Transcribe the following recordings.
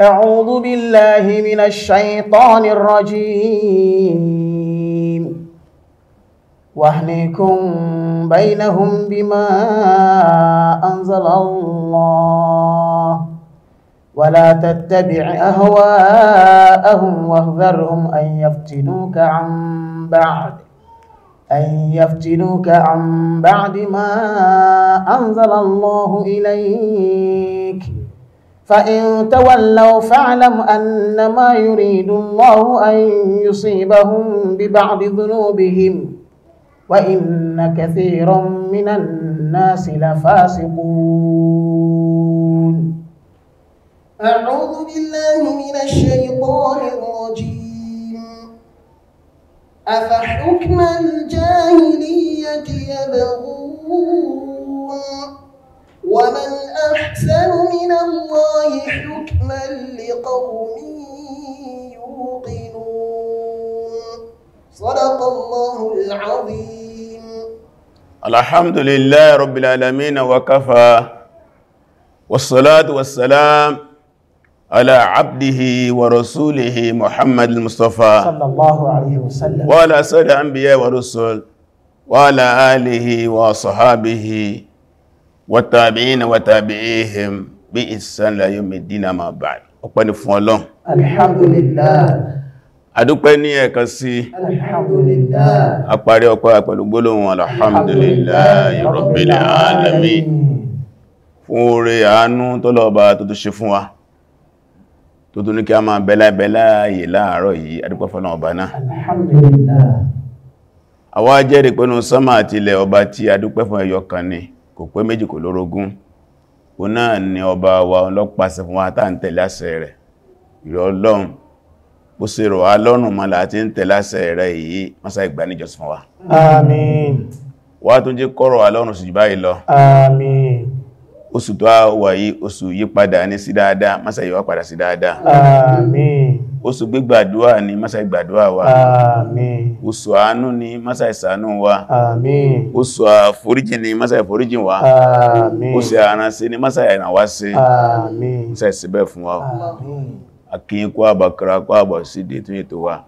أعوذ بالله من الشيطان الرجيم واهلكم بينهم بما أنزل الله ولا تتبع أهواءهم واهذرهم أن يفتنوك عن بعد أن يفتنوك عن بعد ما أنزل الله إليك ۖ فإن تولوا فاعلم أنما يريد الله أن يصيبهم ببعض ذنوبهم وإن كثيرا من الناس لفاسقون أعوذ بالله من الشيطان الرجيم أفحكم الجاهلية يبغون ومن أحسن من الله حكما لقوم يوقنون صدق الله العظيم الحمد لله رب العالمين وكفى والصلاة والسلام على عبده ورسوله محمد المصطفى صلى الله عليه وسلم وعلى سيد الأنبياء والرسل وعلى آله وصحابه wàtàbíyìn wàtàbíyìn bí ìsàn mẹ́dínà máa bá ọpẹ́ ni fún ọlọ́run alhamdulillah adúpẹ́ ní ẹ̀kan sí alhamdulillah àparí ọpẹ́ pẹ̀lú gbólóhùn alhamdulillah rabbil alamin fún oore àánú tọ́lọ̀ọba tó tó ṣe fún wa tó tó ní kí a máa bẹ́lábẹ́lá yìí láàárọ̀ yìí adúpẹ́ fọ́nà ọba náà alhamdulillah àwa jẹ́rìí pé nínú sánmà àti ilẹ̀ ọba tí adúpẹ́ fún ẹyọ kan ni kò pé méjì kò lórógún o náà ni ọba wa ọlọ́pàáṣẹ fún wa táà ń tẹ̀láṣẹ rẹ̀ ìrọ̀ ọlọ́run bó ṣe rọ̀ á lọ́rùn ma láti ń tẹ̀láṣẹ rẹ̀ yìí mọ́sá ìgbà níjọsìn wa àmín wá tún jẹ́ kọ́rọ̀ wa lọ́rùn sí báyìí lọ àmín oṣù tó wà yìí oṣù yípadà ní sí dáadáa masa yíwá padà sí dáadáa àmín oṣù gbígbàdúwà ní masa ìgbàdúwà wa àmín oṣù àánú ní masa ìsànú wa àmín oṣù àforíjì ní masa ìforíjì wa àmín oṣù àránṣe ní masa ìrànwá sí àmín masa ìsìbẹ̀ fún wa àmín akíyíkọ́ àbàkàrà kọ́ àbọ̀ sí dé tún ètò wa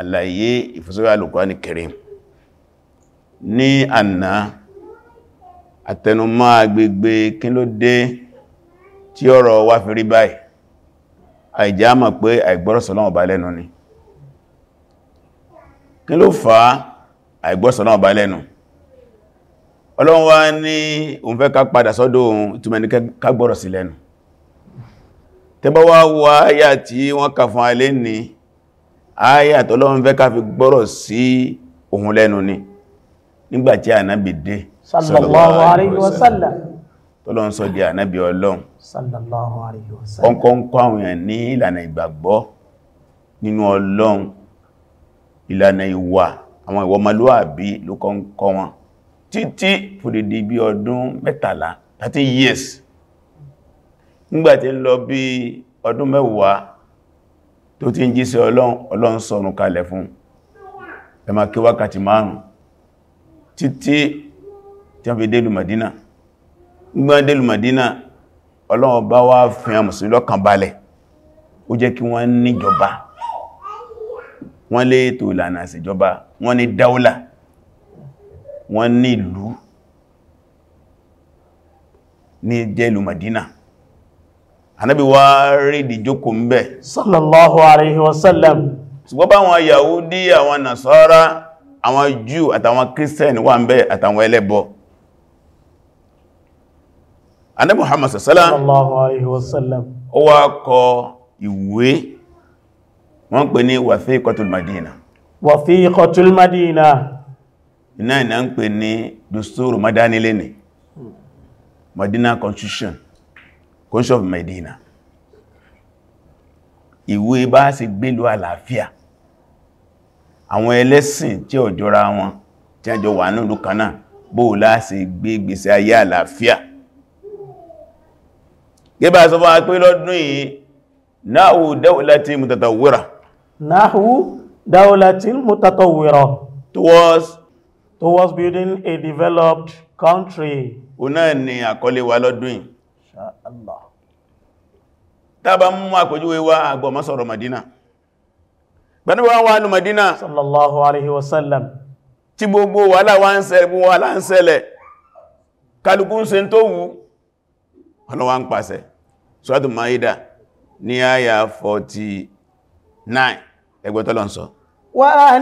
àlàyé ìfẹ́sọ́rọ̀ al-Qur'an Karim ní àná àtẹnumọ́ agbègbè kí ló dé tí ọ̀rọ̀ wá fi rí báyìí àìjá mọ̀ pé àìgbọ́rọ̀sọ̀lọ́ ọba lẹ́nu ni kí ló fà á àìgbọ́rọ̀sọ̀lọ́ ọba lẹ́nu ọlọ́run wá ní òun fẹ́ ká padà sọ́dọ̀ ohun ìtumẹ̀ ní ká gbọ́rọ̀ sí lẹ́nu tẹ́bọ́ wá wo áyà tí wọ́n kà fún alé ní áyà tọ́lọ́run fẹ́ ká fi gbọ́rọ̀ sí nígbàtí ànábì dé sallallahu alayhi wa sallam tọ́lọ́ ń sọ di ànábì ọlọ́run sallallahu alayhi wa sallam ọkọ̀ ń kọ́ àwọn èèyàn ní ìlànà ìgbàgbọ́ nínú ọlọ́run ìlànà ìwà àwọn ìwà ọmọlúwàbí ló kọ́ ń kọ́ wọn títí fòdìdí bí ọdún mẹ́tàlá 13 years nígbàtí ń lọ bí ọdún mẹ́wàá tó ti ń jíṣẹ́ ọlọ́run ọlọ́run sọ̀rùn kalẹ̀ fún ẹ kí wákàtí márùn-ún títí tí wọ́n fi délù Madina gbọ́n délù Madina Ọlọ́run bá wá fi hàn mùsùlùmí lọ́kàn balẹ̀ ó jẹ́ kí wọ́n níjọba wọ́n lé ètò ìlànà àṣìjọba wọ́n ní dáúlà wọ́n ní ìlú ní Madina wá rí ìdíjókò ń bẹ̀ sallallahu wasallam àwọn àwọn Júù àtàwọn Christian wà ń bẹ àtàwọn ẹlẹ́bọ Ànábì Muhammad sallallahu ó wá kọ ìwé wọ́n pè ní Wathiqatul Madina Wathiqatul Madina iná iná ń pè ní Dusturu Madanile ni Madina Constitution Constitution of Medina ìwé bá sì gbélú àlàáfíà àwọn ẹlẹ́sìn tí ò jọra wọn tí a jọ wà ní ìlú kan bó láti gbé gbèsè ayé àlàáfíà gẹ́bà sọ fún pé lọ́dún yìí náhù dáwọláti mutatawira towards towards building a developed country o ni àkọlé wa lọ́dún Insha Allah tàbá mú àpèjúwe wa àgbọ̀mọ́sọ̀rọ̀ Madina bẹ́ni wọ́n wà ní sallallahu alaihi wasallam tí gbogbo wàhálà wà ń ṣẹlẹ̀ gbogbo wàhálà ń ṣẹlẹ̀ kálukú ń ṣe tó wù ọlọ́wà ń pàṣẹ Suratu Maida ní àyà 49 ẹgbẹ́tọ́lọ́ sọ wa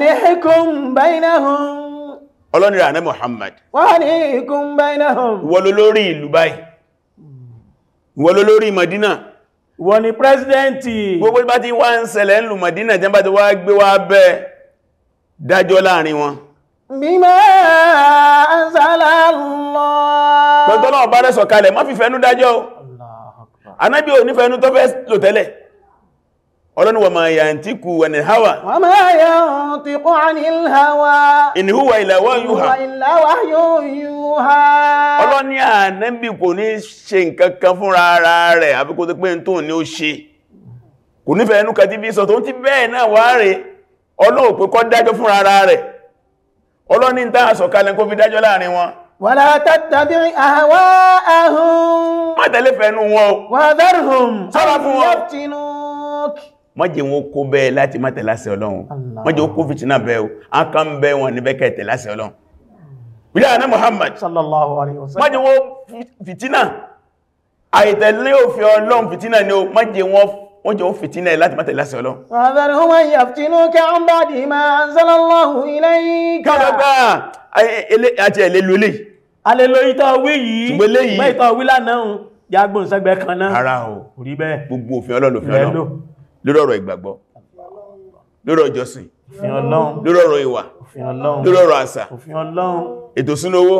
Muhammad wa anihkum bainahum wọ́n lórí ìlú báyìí Madina wọ́n ni pẹ́sidẹ́ntì gbogbo bá ti wá ń ṣẹlẹ̀ ń lù Mọ̀dínà jẹ́ bá ti wá gbé wá bẹ́ dájọ́ láàrin wọn bima anzala Allah gbogbo náà bá rẹ̀ sọ̀kalẹ̀ má fi fẹ́nú dájọ́ Ànábì ò ní fẹ́nú tó fẹ́ ọlọ́ni wa ma yantiku wa ni hawa wa ma yantiku anil hawa in huwa illa wahyun yuha ọlọ́ni ànábì kò ní ṣe nǹkankan fúnra ara rẹ̀ àbí kó tó pé tó ní ó ṣe kò nífẹ̀ẹ́ ẹnu kàtí bí sọ tó ń ti bẹ́ẹ̀ náà wá rẹ̀ ọlọ́run pé kó dájọ́ fúnra ara rẹ̀ wọn wàlá tàbí àwọ́ ahùn mọ́tẹ̀lẹ́fẹ̀ẹ́nu wọn wàdárùn-ún sọ́rọ̀ fún mọ́jẹ̀ wọn kó bẹ́ láti má tẹ̀láṣẹ ọlọ́run mọ́jẹ̀ ó kó fìtínà bẹ́ o a ká ń bẹ́ wọn níbẹ̀ kẹ́ tẹ̀láṣẹ ọlọ́run bílá àná Muhammad sallallahu alaihi wasallam mọ́jẹ̀ wọn fìtínà àìtẹ̀lé òfin ọlọ́run fìtínà ni o mọ́jẹ̀ wọn fìtínà láti má tẹ̀láṣẹ ọlọ́run Aleloyi ta wí yìí, mẹ́ta wí lánàá, yàgbọ́n sẹ́gbẹ̀ kan náà. Ara ò, orí bẹ́ẹ̀. Gbogbo òfin ọlọ́lọ́fin ọlọ́ lórí ọ̀rọ̀ ìgbàgbọ́ lórí ọ̀rọ̀ ìjọsìn lórí ọ̀rọ̀ ìwà lórí ọ̀rọ̀ àṣà ètò súnlówó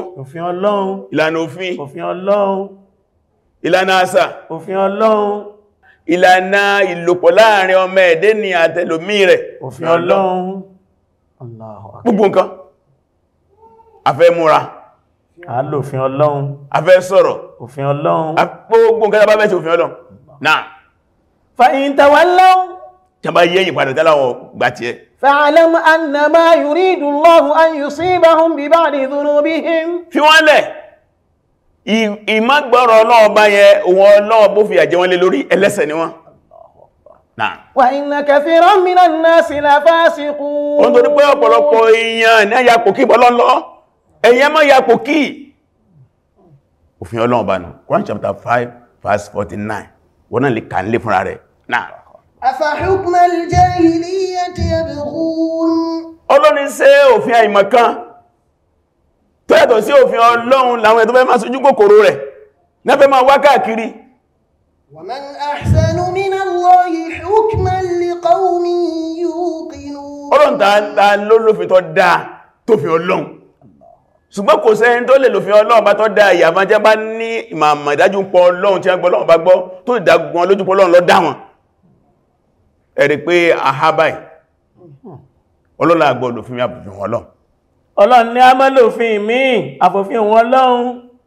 ìlànà òfin ìlànà àṣà ìlànà ìlòpọ̀ láàrin ọmọ ẹ̀dẹ́ ni àtẹlòmí rẹ̀ òfin nǹkan afẹ́ múra àálòfin ọlọ́run afẹ́ sọ̀rọ̀ òfin ọlọ́run fa'in tawallaw tí a bá yẹ́yìn padà tẹ́láwọn gbà tí ẹ fa'alam annama yuridu Allahu an yusibahum bi ba'di dhunubihim fi wọ́n lẹ̀ ìmágbọ́rọ̀ ọlọ́ọ̀bá yẹ wọn lọ́ọ̀bó fi àjẹ́ wọn lé lórí ẹlẹ́sẹ̀ ni wọ́n wa inna kathiran wọ́n náà lè kà nílé fúnra rẹ̀ náà. àfàhùkùnmá al-jahiliyyati yabghun. olóni ṣe òfin àìmọ̀kan tó yàtọ̀ sí òfin ọlọ́run làwọn ẹ̀tọ́ fẹ́ máa sojú kòkòrò rẹ̀ nẹ́fẹ́ máa wá káàkiri. wa man ahsanu mina Allahi hukman liqawmin yuqinun. ọlọ́run ta ló lófin tó dáa tó fi ọlọ́run ṣùgbọ́n kò sẹ́yìn tó lè lòfin ọlọ́run bá tọ́ dá ìyàmá jẹ́ bá ní ìmàmà ìdájú pọ̀ ọlọ́run tí a gbọ́ ọlọ́run bá gbọ́ tó ìdágbọn lójú pọ̀ ọlọ́run lọ dá wọn ẹ̀rí pé àhábáì ọlọ́lá àgbọ̀lò fún mi àbòfin wọn lọ ọlọ́run ní a mọ́ lòfin mi àfòfin wọn lọ́hun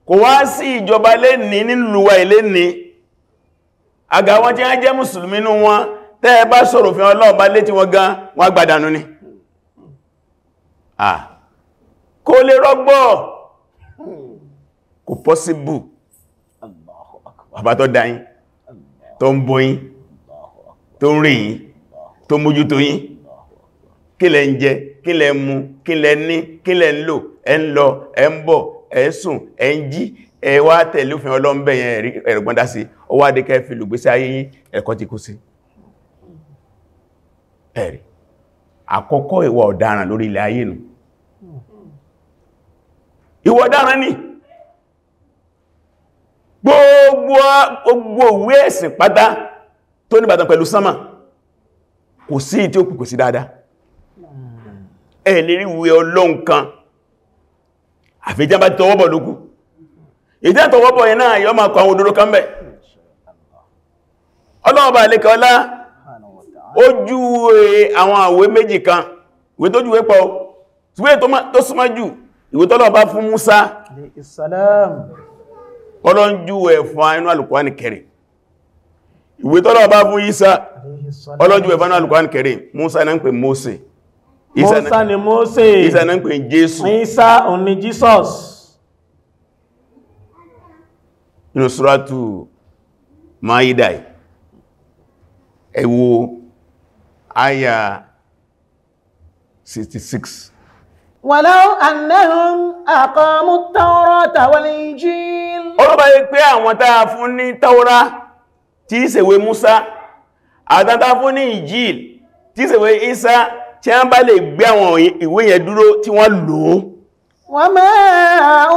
kò wá sí ìjọba lè ní nílùúwà ilé ní àgà wọn tí a jẹ́ mùsùlùmí nú wọn tẹ́ bá sọ̀rọ̀ fi ọlọ́run bá létí wọn gan wọn gbàdánú ni ah kò lè rọ́gbọ́ kò pọ́síbù bàbá tó dáyín tó ń bóyín tó ń rìn yìí tó mójútó yín kí lẹ ń jẹ kí lẹ mú kí lẹ ní kí lẹ ń lò ẹ ń lọ ẹ ń bọ̀ ẹ ń sùn ẹ ń jí ẹ wá tẹ̀lú fún ọlọ́m̀bẹ̀ yẹn ẹ̀rùgbọ́n dá sí ó wá dé kẹfì lùgbésí ayé yín ẹ̀kọ́ ti kú sí ẹ̀rì àkọ́kọ́ ìwà ọ̀daràn lórí ilẹ̀ ayé nù ìwà ọ̀daràn ni gbogbo òwe ẹ̀sìn pátá tó níbàtàn pẹ̀lú sánmà kò sí tí ó pùpù sí dáadáa ẹ̀ lè rí ìwé ọlọ́run kan àfẹ́já bá tọwọ́bọ̀ lókù ìjá tọwọ́bọ̀ yẹn náà yọ́ máa kọ àwọn òdòdó kan bẹ̀ ọlọ́run bá lẹ́kẹ́ ọlá ojú àwọn àwẹ́ méjì kan ìwé tó júwé pọ̀ ìwé tó súnmọ́ jù ìwé tọ́lọ́run bá fún Musa ọlọ́run júwẹ̀ fún inú Al-Qur'an kẹrin ìwé tọ́lọ̀ bá fún Isa ọlọ́jú ẹ̀fà náà Al-Qur'an Karim Musa náà ń pè Mose Musa ni Mose Isa náà ń pè Jésù Isa òní Jesus inú suratu Maidai ẹ wò àyà 66 walau annahum aqamu taurata wal-injil ọlọ́bàá yí pé àwọn tàà fún ní Taura tí ìsèwé Musa àtàntà fún ní Injil tí ìsèwé Isa tí a ń bá lè gbé àwọn ìwé yẹn dúró tí wọ́n lò ó wa ma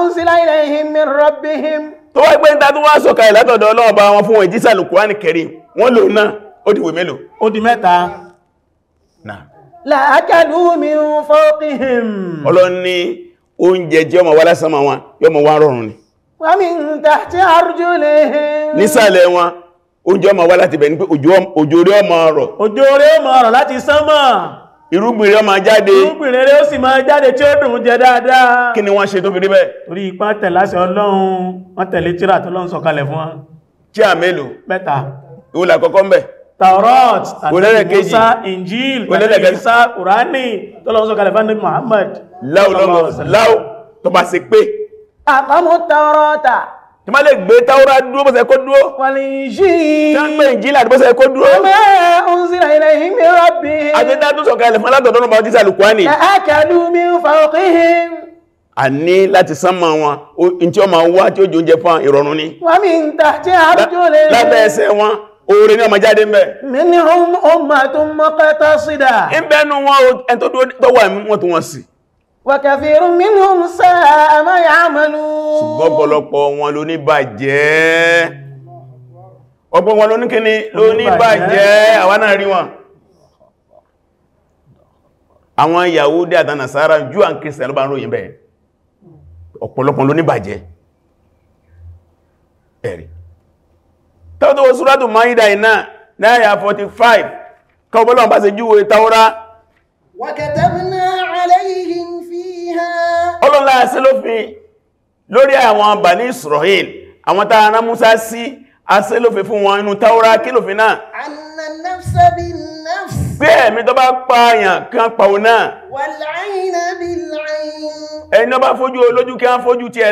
unsila ilayhim min rabbihim tó wá pé ń tàbí wọ́n sọ̀kàlẹ̀ látọ̀dọ̀ ọlọ́ọ̀bá wọn fún ìjísà Al-Qur'ani Karim wọ́n lò náà ó di ìwé mélòó ó di mẹ́ta náà láàkàlù wa min tahti arjulihim nísàlẹ̀ oúnjẹ ọmọ wá láti bẹ̀ ní pé òjò orí ọmọ ọ̀rọ̀ òjò orí ọmọ ọ̀rọ̀ láti sánmà irúgbìn rẹ̀ máa jáde irúgbìn rẹ̀ ó sì máa jáde tí ó dùn jẹ dáadáa kí ni wọ́n ṣe tó fi rí bẹ́ẹ̀ orí ipá tẹ̀láṣẹ ọlọ́run wọ́n tẹ̀lé tírà tọ́lọ́run sọ̀kalẹ̀ fún wọn tí a mélòó mẹ́ta ìwò làkọ́kọ́ ń bẹ̀ Taurat àti Musa Injil àti Isa Kùránì tọ́lọ́run sọ̀kalẹ̀ fún Muhammad láwọ́ tó bá ṣe pé àpamọ́ tí má lè gbé táwọ́rá dúró bọ́sẹ̀ kó dúró wọ́n ìjìlá bọ́sẹ̀ kó dúró àjẹ́dá tó sọ̀kalẹ̀ fún alátọ̀dọ́nà bá jísà lùkwáni a láti sánmà wọn in tí ó ma wá tí ó jò jẹ fún ìrọ̀rùn ni látẹ̀ẹsẹ̀ wọn oore ní ọmọ jáde ń bẹ̀. minhum ummatun muqtasida. ń bẹ́nu wọn ẹn tó wà mú wọn tó wọn sí wàkàfẹ́rún minhum sáà ma ya'malun ṣùgbọ́n ọ̀pọ̀lọpọ̀ wọn ló ní bàjẹ́ ọ̀pọ̀ wọn ló ní kíni ló ní bàjẹ́ àwọn náà rí wọn àwọn Yahudi àti Nasara jù à ń kí sẹ̀lọ́bà ń ròyìn bẹ́ẹ̀ ọ̀pọ̀lọpọ̀ ló ní bàjẹ́ ẹ̀rí tọ́tọ́ Suratul Maida iná náà 45 kọ́ bọ́lọ̀ bá ṣe júwe Taura wa katabna alayhi sí lófin lórí àwọn Bani Israel àwọn tàà rán Musa sí asílòfin fún wọn inú Taura kí a fojú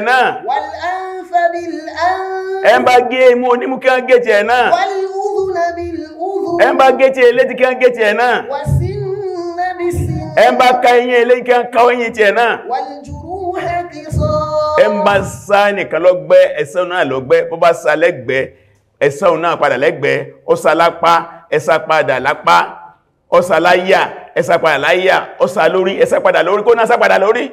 náà wal gé imú onímú kí a gé ti ẹ̀ náà wal gé ti eléti kí a gé ti ẹ̀ náà wasinna bis sinna ẹn kí a ká eyín ti ẹ̀ náà ẹ ń bá sá nìkan lọ́gbẹ́ ẹsẹ̀ náà lọ́gbẹ́ bó bá sá lẹ́gbẹ́ ẹsẹ̀ náà padà lẹ́gbẹ́ ó sá lápá ẹsá padà lápá ó sá láyà ẹsá padà láyà ó sá lórí ẹsá padà lórí kó náà sá padà lórí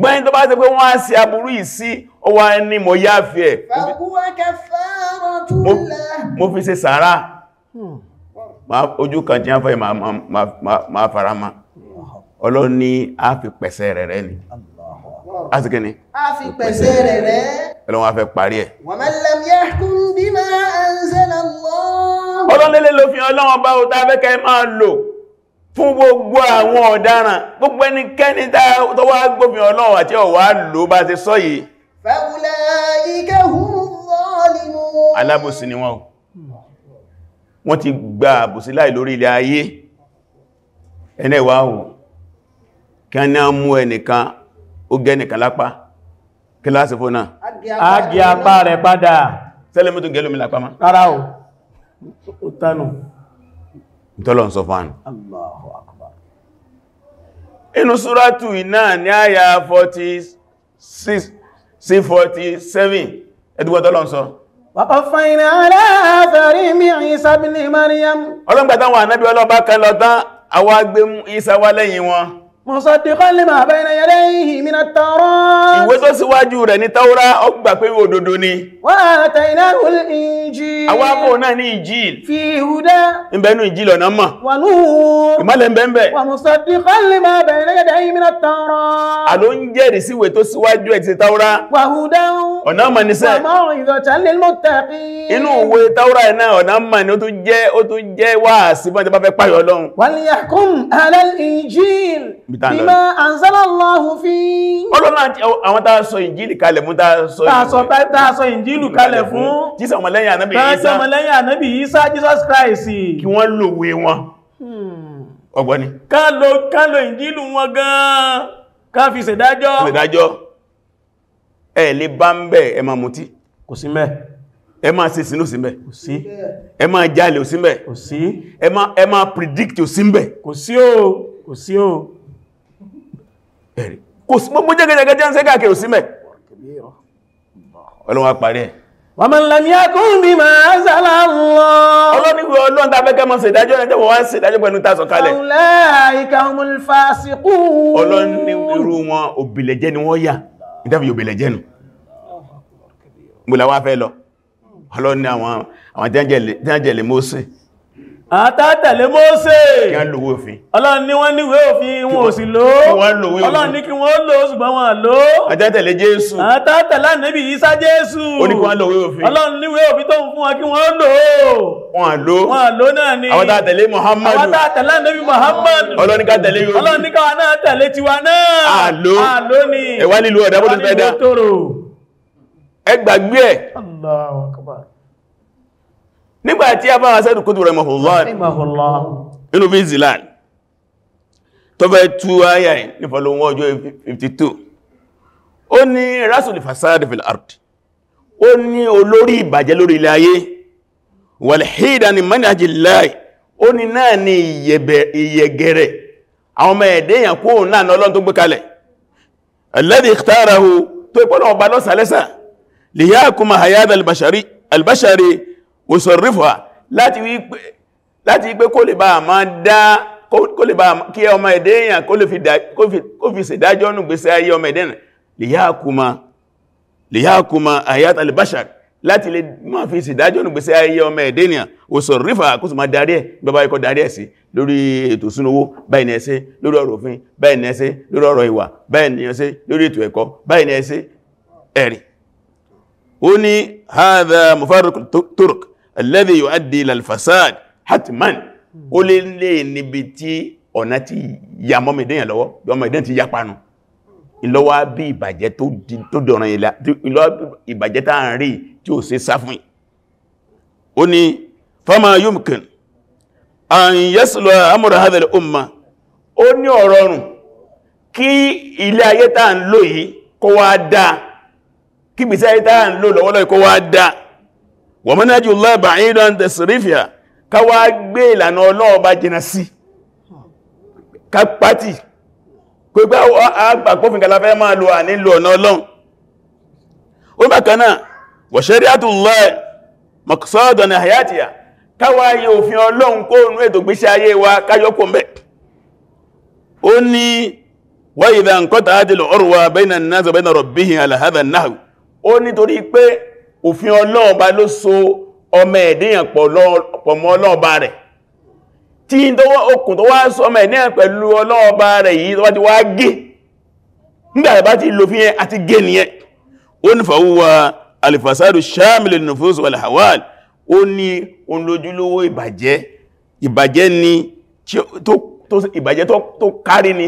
Ma ẹni tó bá ṣe pé ma á ṣe aburú ìsí ó wá ní ma fara ma ọlọ́run ní a fi pẹ̀sẹ̀ rẹ̀ rẹ̀ ni a sì kíni a fi pẹ̀sẹ̀ rẹ̀ rẹ̀ ọlọ́run a fẹ́ parí ẹ̀ wa man lam yahkum bima anzala Allah ọlọ́lẹ́lẹ́ ló fi ọlọ́run bá o tàbẹ́kẹ́ máa lò fún gbogbo àwọn ọ̀daràn gbogbo ẹnikẹ́ni tó wá gbófin ọlọ́run àti ọ̀wá lò bá ti sọ yìí fa ulaika alábòsí ni wọ́n wọ́n ti gba àbòsí láì lórí ilẹ̀ ayé ẹnẹ́wàá kí a ní a mú ẹnìkan ó gẹ́ nìkan lápá kí láàsì fún náà ági apá rẹ̀ padà tẹ́lẹ̀ mú tó gẹ́lómi lápá má rárá o ó tánù tọ́lọ̀ ń sọ fún ànì inú súrátù iná ní àyà 46 sí 47 ẹdúgbọ́ tọ́lọ̀ ń sọ wàkọ̀fàìnà aláàfẹ́rí mi ìsàbìnì Maryam ọlọ́gbàtàwà náà bí ọlọ́bá kan lọ tán àwọn agbé Ìsá lẹ́yìn wọn mọ̀sọ̀dẹ̀kọ́ lè máa bẹ́ iná yẹ́rẹ́ ìhì mìíràn tọ́rọ ìwé tó síwájú rẹ̀ ní taura ó gbà pé òdodo ni wọ́n àtà iná Injil awápò náà ní Injil fi ìhúdá ìbẹ̀nú Injil ọ̀nà mọ̀ wà núhùn ìmọ́lẹ̀ ìbẹ̀ẹ̀bẹ̀ wà mọ̀sọ̀dẹ̀kọ́ lè máa bẹ́ iná yẹ́rẹ́ ìhì mìíràn tọ́rọ àló ń jẹ́rìí sí ìwé tó síwájú ẹ̀ ti ní sẹ́ inú ìwé taura ẹ̀ ọ̀nà mọ̀ ni ó tún jẹ́ ó tún bọ́n ti bá fẹ́ páyọ̀ Ọlọ́run wà ní bima anzalallahu fi ọlọ́nà àwọn tàà sọ ìjìlì kalẹ̀ mú tàà sọ ìjìlì kalẹ̀ fún jísà ọmọlẹ́yìn ànábì Ìsá jísà ọmọlẹ́yìn ànábì Ìsá Jesus Christ kí wọ́n lòwe wọn hmm. ọgbọ́ni ká lo ìjìlì wọn gan ká fi ṣèdájọ́ ẹ lè bá ń bẹ̀ ẹ máa mutí kò sí mẹ́ ẹ máa ṣe sínú símbẹ̀ kò sí ẹ máa jalè ò símbẹ̀ kò sí ẹ máa predict ò símbẹ̀ kò sí o kò sí o ẹ̀rí kò sí gbogbo jẹ́gẹ́jẹ́gẹ́ jẹ́ ń sẹ́ káàkiri sí mẹ́ ọlọ́wà parí ẹ̀ wà mọ̀ lámíákún bí máa sálà lọ ọlọ́niwé ọlọ́n ta fẹ́ kẹmọ́ ṣèdájọ́ ẹjọ́ wọ́n wọ́n ṣèdájọ́ pẹ̀lú tàṣọ kalẹ̀ ọlọ́niwé wọn òbìlẹ̀jẹ́ ni wọ́n yà ìdáfi òbìlẹ̀jẹ́ nù gbọ́lá wá fẹ́ lọ àwọn jẹ́jẹ̀lẹ̀ mọ́sí àtàtẹ̀lé Mósè Ọlọ́run ní wọ́n níwé òfin wọn ò sì lò Ọlọ́run ní kí wọ́n lò ṣùgbọ́n wọn lò àtàtẹ̀lé Jésù àtàtẹ̀lé Ànábì Ìsá Jésù Ọlọ́run níwé òfin tó ń fún wọn kí wọ́n lò wọn lò náà ni àwọn tàtẹ̀lé Muhammadu àwọn tàtẹ̀lé Ànábì Muhammadu Ọlọ́run ní ká tẹ̀lé yóò Ọlọ́run ní ká wà náà tẹ̀lé tiwa náà àlò ẹwà nílùú ọ̀dá nígbàtí a bá wá sẹ́dù kó dúró rahimahullah inú bí zilal tó bẹ́ tú ayà 52 ó ní rasul fasad fil ard ó ní olórí ìbàjẹ́ lórí ilẹ̀ ayé walhida ni manajilai ó ní náà ni ìyẹ̀gẹ̀rẹ̀ àwọn ọmọ ẹ̀dẹ́ èyàn kó náà ní ọlọ́n tó gbé kalẹ̀ alladhi tó ìpọ́lọ̀ ọba lọ́sàlẹ́sà liyakuma hayada albashari wòsànrífà láti wípé kó lè bá ma dá kó lè bá kí ọmọ ẹ̀dẹ́ èyàn kó fi ṣèdájọ́ nù gbèsè ayé ọmọ ẹ̀dẹ́ lèyàkùnmá àyàt albashar láti lè máa fi ṣèdájọ́ nù gbèsè ayé ọmọ ẹ̀dẹ́ èyàn wòsànrífà kó sì máa darí ẹ̀ bàbá ikọ̀ darí ẹ̀ sí lórí ètò súnowó báyìí ni ẹ lórí ọ̀rọ̀ òfin báyìí ni lórí ọ̀rọ̀ ìwà báyìí ni lórí ètò ẹ̀kọ́ báyìí ni ẹ̀rì ó ní hadha mufarriq turk alladhi yuaddi ila al-fasad hatman ó lè lè níbi tí ọ̀nà ti ya mọ́mọ̀ ìdẹ́yàn lọ́wọ́ ọmọ ìdẹ́yàn ti yapanu ìlọ́wà bí ìbàjẹ́ tó dọ̀rọ̀ ìbàjẹ́ tá ń rí tí ó ṣe sáfún ó ní fama yumkin an yaslu amru hadha al-umma ó ní ọ̀rọ̀rùn kí ilé ayé tá ń lò yìí kó wá dáa kí bìí sí ayé tá ń lò lọ́wọ́lọ́ kó wá dáa wa manhajullah ba'idan tasrifia ká wá gbé ìlànà ọlọ́ọ̀bá jìnà sí ká pàtì pípẹ́ àgbàkófin kalafẹ́ máa lò à nílò ọ̀nà ọlọ́run ó bákaná wa shari'atullah maqsadan hayatiya káwà yẹ òfin ọlọ́run kó nú ètò gbéṣẹ́ ayé wa káyọ́kò mẹ́ ó ní wa idha inqata'atil urwa òfin Ọlọ́run bá ló so ọmọ ẹ̀dẹ́yàn pọ̀mọ́ Ọlọ́run bá rẹ̀ tí tó wá okùn tó wá so ọmọ ẹ̀dẹ́yàn pẹ̀lú Ọlọ́run bá rẹ̀ yìí tó bá ti wá gé nígbàrẹ̀ ti lò fi àti gé nìyẹn ó ni ìbàjẹ́ tó kárí ni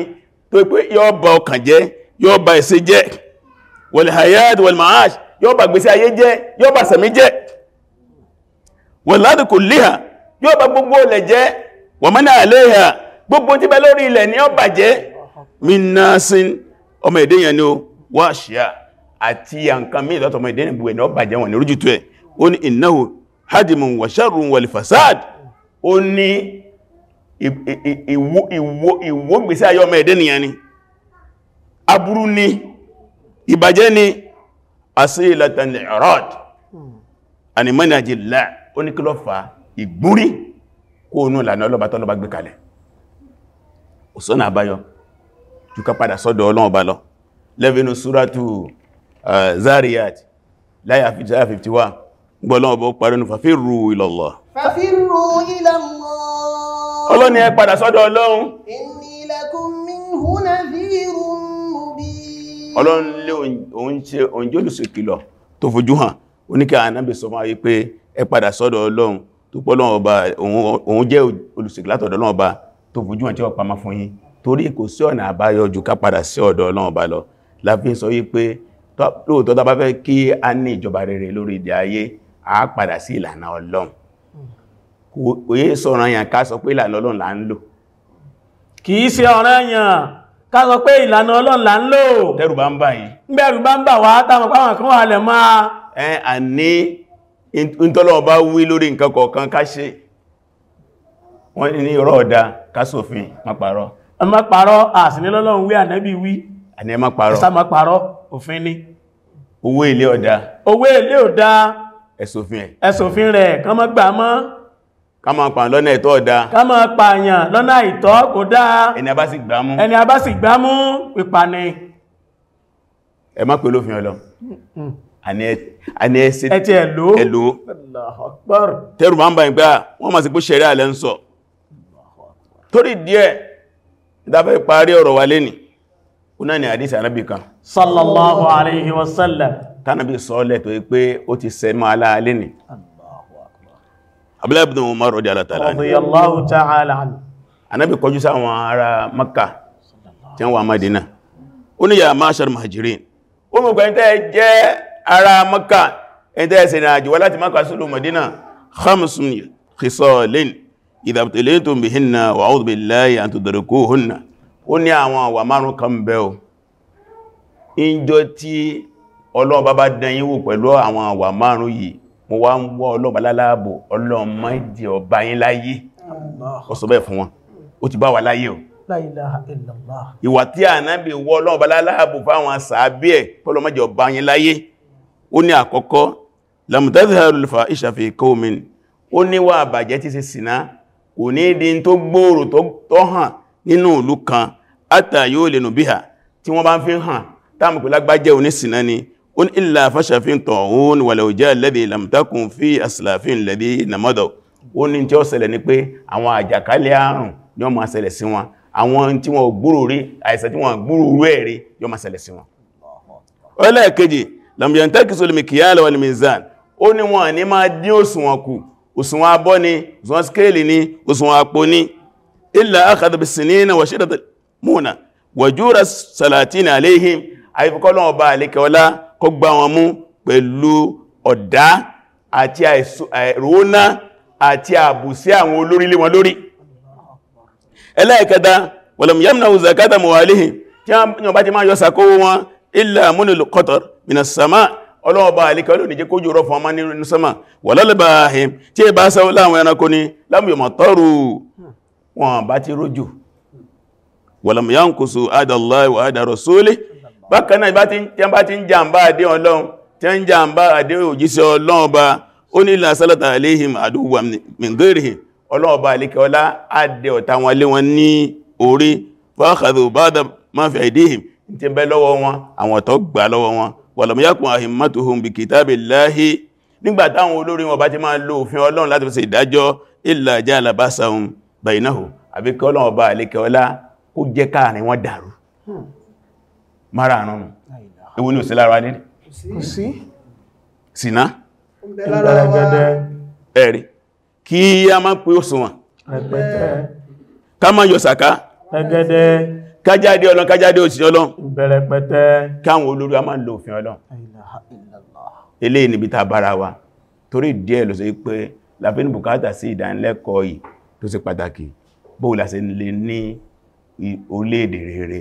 tó pé yóò ba ọkàn jẹ́ yóò ba ẹ̀ṣẹ̀ jẹ́ wal hayat ma'ash yóò bà gbèsè ayé jẹ́ yóò bà sẹ̀mí jẹ́ wọ̀n ládù kò líhà yóò bà gbogbo ilẹ̀ jẹ́ wọ̀n mẹ́nà àléhà gbogbo tí bẹ lórí ilẹ̀ ni ó bà jẹ́ minasin ọmọ èdè yẹn ni ó wà ṣíà àti àǹkan mí ìlọ́tọ̀ ọmọ ìbàjẹ́ ni asílatan al-i'rad àni manhajì lá oníkílọ́fà ìgbúrí kó onú ìlànà ọlọ́ba tọ́lọ́ba gbé kalẹ̀ òsọ́nà àbáyọ jùká padà sọ́dọ̀ ọlọ́ọ̀bá lọ lẹ́bìnú súratù zariyat láyà 51 gbọ́lọ́ọ̀bọ̀ parínú fàfírù ilallah fàfírù ilallah ọlọ́ni ẹ padà sọ́dọ̀ ọlọ́run inni lakum minhu nadhirun ọlọ́run lé oúnjẹ olùsèkìlọ̀ tó fojú hàn oníkẹ́ ànábì sọ máa yí pé ẹ padà sọ́dọ̀ ọlọ́run tó pọ́lọ́run ọba òun jẹ́ olùsèkìlọ̀ látọ̀dọ̀ ọlọ́run ọba tó fojú hàn tí ó pamọ́ fún yín torí kò sí ọ̀nà àbáyọ jù ká padà sí ọ̀dọ̀ ọlọ́run ọba lọ la fi ń sọ yí pé lóòtọ́ tá bá fẹ́ a ní ìjọba rere lórí ìdí ayé a padà sí ìlànà ọlọ́run ká sọ pé ìlànà ọlọ́run là ń lò tẹ́rù bá ń bà yìí gbẹ̀rù bá ń bà wá táwọn páwọn kan wà lẹ̀ máa ẹ àní ìntọ́lọ̀ bá wí lórí nǹkan kọ̀ọ̀kan ká ṣe wọ́n ní ni owó ilé ọ̀dá owó ilé Kama máa pàà lọ́nà ìtọ́ ọ̀dá ká máa pààyàn lọ́nà ìtọ́ kò dáa ẹni a bá sì gbámú ẹni a bá sì gbámú pípa ni ẹ má pè lófin ọlọ àní ẹsẹ ẹ̀tì ẹ̀lò ẹ̀lò tẹ́rù máa ń bá ìgbà ah, wọ́n máa sì pé ṣẹ̀rẹ́ alẹ́ ń sọ torí díẹ̀ ìdáfẹ́ parí ọ̀rọ̀ wa lẹ́ni kúnná ni àdísì anábì kan sallallahu alaihi wasallam tánàbì sọ́ọ̀lẹ̀ tó yí pé ó ti sẹ́mọ́ aláàlẹ́ni Abdullahi ibn Umar radiyallahu ta'ala anhu radiyallahu ta'ala anhu Ànábì kọjú sáwọn ará Makkah tí wọ́n wà Madina ó ní ya ma'shar muhajirin ó mú gbẹ̀ tẹ́ jẹ́ ará Makkah ẹni tẹ́ ṣe ìrìnàjò wá láti Makkah sílùú Madina khamsun khisalin idha ibtulitum bihinna wa a'udhu ìjọ tí Ọlọ́run bá bá pẹ̀lú àwọn àwà márùn yìí mo wá ń wọ́ ọlọ́ọ̀bá láláàbò ọlọ́ọ̀mọ́ ìdí ọba yín láyé ó sọ bẹ́ẹ̀ fún wọn ó ti bá wa láyé o la ilaha illallah ìwà tí ànábì wọ́ ọlọ́ọ̀bá láláàbò fáwọn sàábí ẹ̀ pọ́lọ́mọ́jẹ ọba yín láyé ó ní àkọ́kọ́ lamtazharul fahisha fi qaumin ó ní ìlà fásàfin tọ̀hún wàlẹ̀ òjá lẹ́bí ìlàmtakùn fi àsìlàfin lẹ́bí ìnàmọ́dọ̀ ó ní tí ó ṣẹlẹ̀ ni pé àwọn àjàkálẹ̀ àrùn yóò máa ṣẹlẹ̀ sí wọn àwọn tí wọ́n gbúrò rí àìsàn tí wọ́n gbúrò rú ẹ̀rí yóò máa ṣẹlẹ̀ sí wọn ọlẹ́ẹ̀kejì lambiyantakisulimikiyalawa ni mizan ó ní wọn ní máa dín òṣùwọ̀n kù òṣùwọ̀n abọ́ ni òṣùwọ̀n skéèlì ni òṣùwọ̀n àpò ni illa akhadha bisinina wa shiddatil muna wa jura salatina alayhim àìfikọ́lọ́wọ́ bá àlékẹ́ ọlá kó gbá wọn mú pẹ̀lú ọ̀dá àti àìróná àti àbùsí àwọn olórí lé wọn lórí ẹlẹ́ẹ̀kẹta walam yamna'u zakata mawalihim tí wọ́n bá ti máa yọ sàkówó wọn illa munil qatar minas sama ọlọ́ọ̀bá àlíkà ló ní jẹ́ kójú rọ fún ọmọ nínú sánmà wà lọ́lẹ̀bà ahìm tí è bá sáwọ́ láwọn ẹranko bákan náà bá ti ń jàmbá àdé ọlọ́run tí ń jàmbá àdé òjíṣẹ́ ọlọ́run bá ó ní la salata aléhìm àdúwà mìngírì ọlọ́run bá alékẹ́ ọlá àdé ọ̀tá wọn lé wọn ní orí fáàkàdù bá dá máa fi àìdíhìm tí bẹ́ lọ́wọ́ walam yakun ahimmatuhum bi kitabillahi nígbà táwọn olórí wọn lo òfin ọlọ́run láti fi ṣe illa jala basahum bainahu àbíkẹ́ ọlọ́run bá alékẹ́ ọlá kó jẹ́ káàrin wọn dàrú mara àrùn mù ewu ní òsí lára nílẹ̀ sínà ẹ̀rí kí a máa pé òsùnwọ̀n ká máa yọ sàká kájáde ọlọ́n kájáde òsìn ọlọ́n káwọn olórí a máa lo òfin ọlọ́n ilé níbi ta bára wa torí díẹ̀ lọ sí pé láfíní bùkátà sí ìdánilẹ́kọ̀ọ́ yìí tó ṣe pàtàkì bóòlà sí lè ní orílẹ̀-èdè rere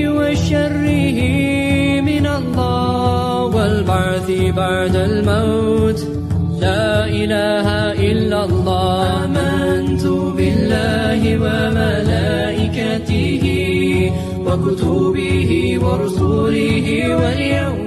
البعث بعد الموت لا إله إلا الله آمنت بالله وملائكته وكتبه ورسله واليوم